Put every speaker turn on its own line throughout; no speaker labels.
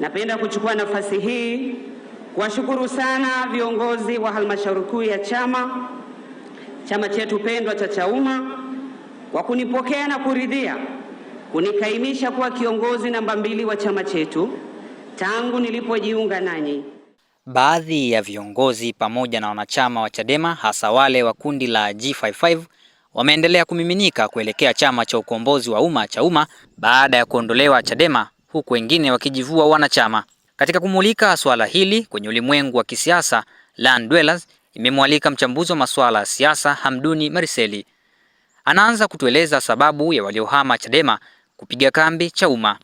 Napenda kuchukua nafasi hii kuwashukuru sana viongozi wa halmashauri kuu ya chama chama chetu pendwa cha Chauma kwa kunipokea na kuridhia kunikaimisha kuwa kiongozi namba mbili wa chama chetu tangu nilipojiunga nanyi.
Baadhi ya viongozi pamoja na wanachama wa Chadema hasa wale wa kundi la G55 wameendelea kumiminika kuelekea chama cha ukombozi wa umma umma baada ya kuondolewa Chadema huku wengine wakijivua wanachama. Katika kumulika swala hili kwenye ulimwengu wa kisiasa, Land Dwellers imemwalika mchambuzi wa masuala ya siasa Hamduni Mariseli. Anaanza kutueleza sababu ya waliohama Chadema kupiga kambi Chauma.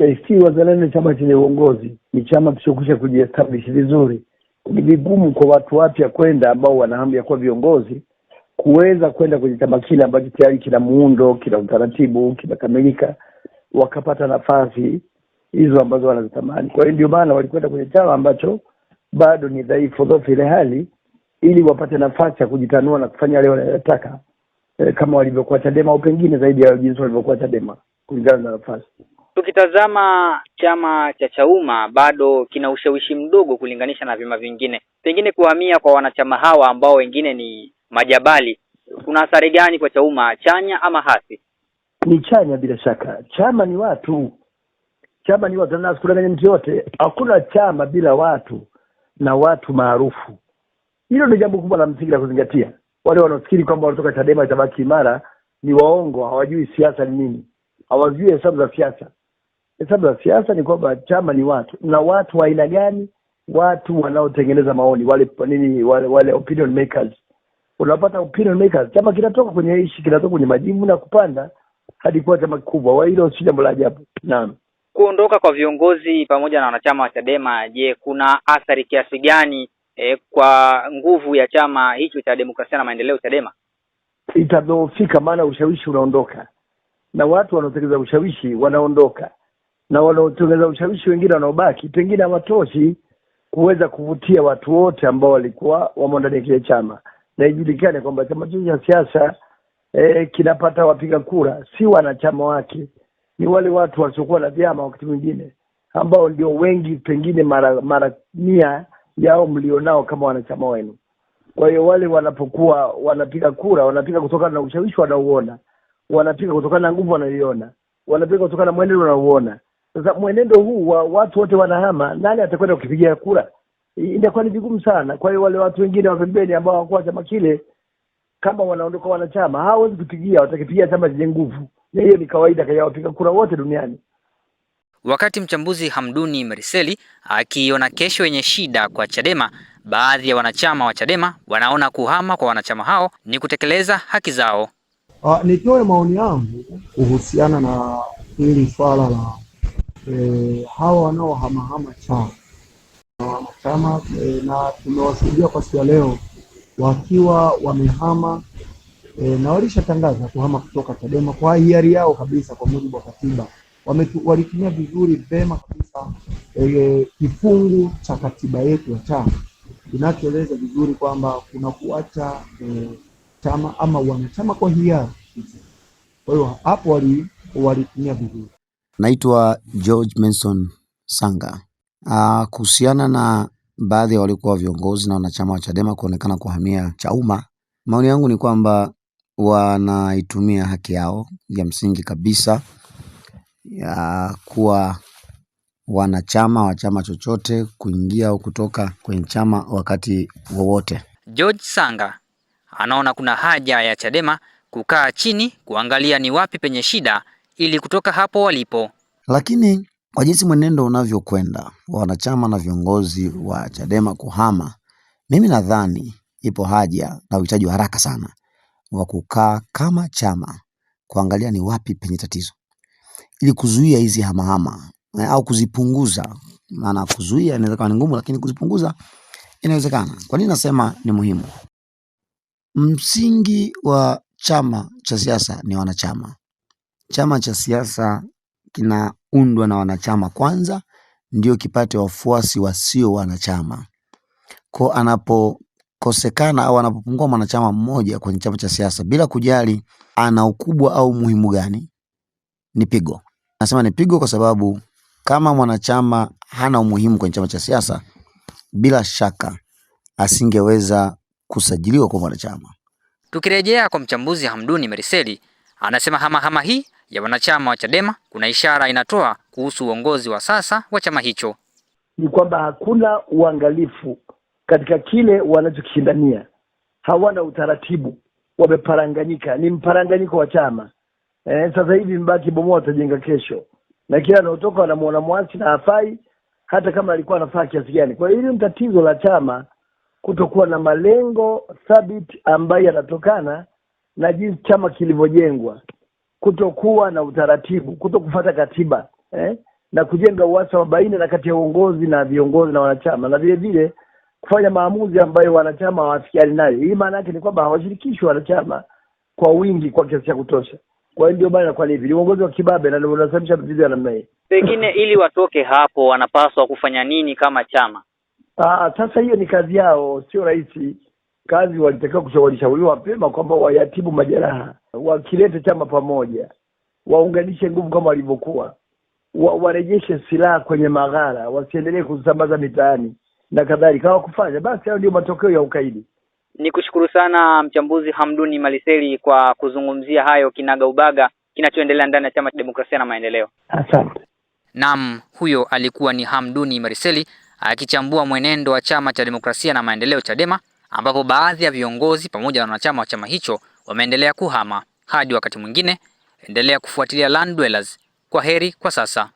ACT Wazalendo ni chama chenye uongozi, ni chama kilichokwisha kujiestablish vizuri. Ni vigumu kwa watu wapya kwenda ambao wana hamu ya kuwa viongozi kuweza kwenda kwenye chama kile ambacho tayari kina muundo, kina utaratibu, kimekamilika wakapata nafasi hizo ambazo wanazitamani. Kwa hiyo ndio maana walikwenda kwenye chama ambacho bado ni dhaifu dhofu ile hali, ili wapate nafasi ya kujitanua na kufanya yale wanayotaka, e, kama walivyokuwa Chadema au pengine zaidi ya jinsi walivyokuwa Chadema kulingana na nafasi.
Tukitazama chama cha Chauma bado kina ushawishi mdogo kulinganisha na vyama vingine, pengine kuhamia kwa wanachama hawa ambao wengine ni majabali, kuna athari gani kwa Chauma, chanya ama hasi?
ni chanya bila shaka. Chama ni watu, chama ni watu, na sikudanganya mtu yote. Hakuna chama bila watu na watu maarufu. Hilo ni jambo kubwa la msingi la kuzingatia. Wale wanaofikiri kwamba wanatoka Chadema itabaki imara ni waongo, hawajui siasa ni nini, hawajui hesabu za siasa. Hesabu za siasa ni kwamba chama ni watu, na watu wa aina gani? Watu wanaotengeneza maoni, wale nini, wale, wale opinion makers. Unapata opinion makers, chama kinatoka kwenye ishi, kinatoka kwenye majimu na kupanda hadi kuwa chama kikubwa. Kwa hilo si jambo la ajabu. Naam.
Kuondoka kwa viongozi pamoja na wanachama wa Chadema, je, kuna athari kiasi gani e, kwa nguvu ya chama hicho cha demokrasia na maendeleo Chadema?
Itadhoofika, maana ushawishi unaondoka na watu wanaotengeza ushawishi wanaondoka, na wanaotengeza ushawishi wengine wanaobaki pengine hawatoshi kuweza kuvutia watu wote ambao walikuwa wamo ndani ya kile chama, na ijulikane kwamba chama chote cha siasa e, kinapata wapiga kura si wanachama wake, ni wale watu wasiokuwa na vyama wakati mwingine ambao ndio wengi pengine mara mara mia yao mlionao kama wanachama wenu. Kwa hiyo wale wanapokuwa wanapiga kura, wanapiga kutokana na ushawishi wanauona, wanapiga kutokana na nguvu wanayoiona, wanapiga kutokana na mwenendo wanaouona. Sasa mwenendo huu wa watu wote wanahama, nani atakwenda kukipigia kura? Inakuwa ni vigumu sana. Kwa hiyo wale watu wengine wa pembeni ambao hawakuwa chama kile kama wanaondoka wanachama, hawa wezi kupigia, watakipigia chama chenye nguvu, na hiyo ni kawaida kaya wapiga kura wote duniani.
Wakati mchambuzi Hamduni Meriseli akiona kesho yenye shida kwa Chadema, baadhi ya wanachama wa Chadema wanaona kuhama kwa wanachama hao ni kutekeleza haki zao.
Uh, nitoe maoni yangu kuhusiana na hili swala la e, hawa wanaohamahama chama na ah, wanachama e, eh, na tumewashuhudia kwa siku ya leo wakiwa wamehama e, na walishatangaza kuhama kutoka Chadema kwa hiari yao kabisa kwa mujibu wa katiba. Walitumia vizuri vema kabisa e, kifungu cha katiba yetu ya chama kinachoeleza vizuri kwamba kuna kuacha e, chama ama wanachama kwa hiari. Kwa hiyo hapo wali walitumia vizuri.
Naitwa George Manson Sanga. Ah, kuhusiana na baadhi ya walikuwa viongozi na wanachama wa Chadema kuonekana kuhamia Chauma. Maoni yangu ni kwamba wanaitumia haki yao ya msingi kabisa ya kuwa wanachama wa chama chochote kuingia au kutoka kwenye chama wakati wowote.
George Sanga anaona kuna haja ya Chadema kukaa chini kuangalia ni wapi penye shida ili kutoka hapo walipo.
Lakini kwa jinsi mwenendo unavyokwenda wa wanachama na viongozi wa Chadema kuhama, mimi nadhani ipo haja na uhitaji wa haraka sana wa kukaa kama chama kuangalia ni wapi penye tatizo ili kuzuia hizi hamahama eh, au kuzipunguza. Maana kuzuia inaweza kuwa ni ngumu, lakini kuzipunguza inawezekana. Kwa nini nasema ni muhimu? Msingi wa chama cha siasa ni wanachama. Chama cha siasa kinaundwa na wanachama kwanza ndio kipate wafuasi wasio wanachama. ko anapokosekana au anapopungua mwanachama mmoja kwenye chama cha siasa bila kujali ana ukubwa au muhimu gani, ni pigo. Nasema ni pigo kwa sababu kama mwanachama hana umuhimu kwenye chama cha siasa, bila shaka asingeweza kusajiliwa kwa mwanachama.
Tukirejea kwa mchambuzi Hamduni Meriseli, anasema hamahama hii ya wanachama wa Chadema kuna ishara inatoa kuhusu uongozi wa sasa wa chama hicho.
Ni kwamba hakuna uangalifu katika kile wanachokishindania, hawana utaratibu, wameparanganyika, ni mparanganyiko wa chama. Eh, sasa hivi mbaki bomoa watajenga kesho, na kila anaotoka wanamuona mwasi na hafai, hata kama alikuwa anafaa kiasi gani. Kwa hiyo hili ni tatizo la chama kutokuwa na malengo thabiti ambayo yanatokana na jinsi chama kilivyojengwa kutokuwa na utaratibu, kuto kufata katiba eh, na kujenga uhasama baina na kati ya uongozi na viongozi na wanachama, na vile vile kufanya maamuzi ambayo wanachama hawafikiani nayo. Hii maana yake ni kwamba hawashirikishwi wanachama kwa wingi kwa kiasi cha kutosha. Kwa hiyo ndio maana kwa hivi, ni uongozi wa kibabe na unasababisha vitu ya namna hii.
Pengine ili watoke hapo, wanapaswa kufanya nini kama chama?
Aa, ah, sasa hiyo ni kazi yao, sio rahisi kazi walitakiwa kushawalishauriwa mapema kwamba wayatibu majeraha, wakilete chama pamoja, waunganishe nguvu kama walivyokuwa, wa, warejeshe silaha kwenye maghara, wasiendelee kuzisambaza mitaani na kadhalika. Hawakufanya, basi hayo ndio matokeo ya ukaidi.
Ni kushukuru sana mchambuzi Hamduni Maliseli kwa kuzungumzia hayo kinaga ubaga kinachoendelea ndani ya chama cha demokrasia na maendeleo.
Asante.
Naam, huyo alikuwa ni Hamduni Mariseli akichambua mwenendo wa chama cha demokrasia na maendeleo Chadema ambapo baadhi ya viongozi pamoja na wanachama wa chama hicho wameendelea kuhama. Hadi wakati mwingine, endelea kufuatilia Dwellers. Kwa heri kwa sasa.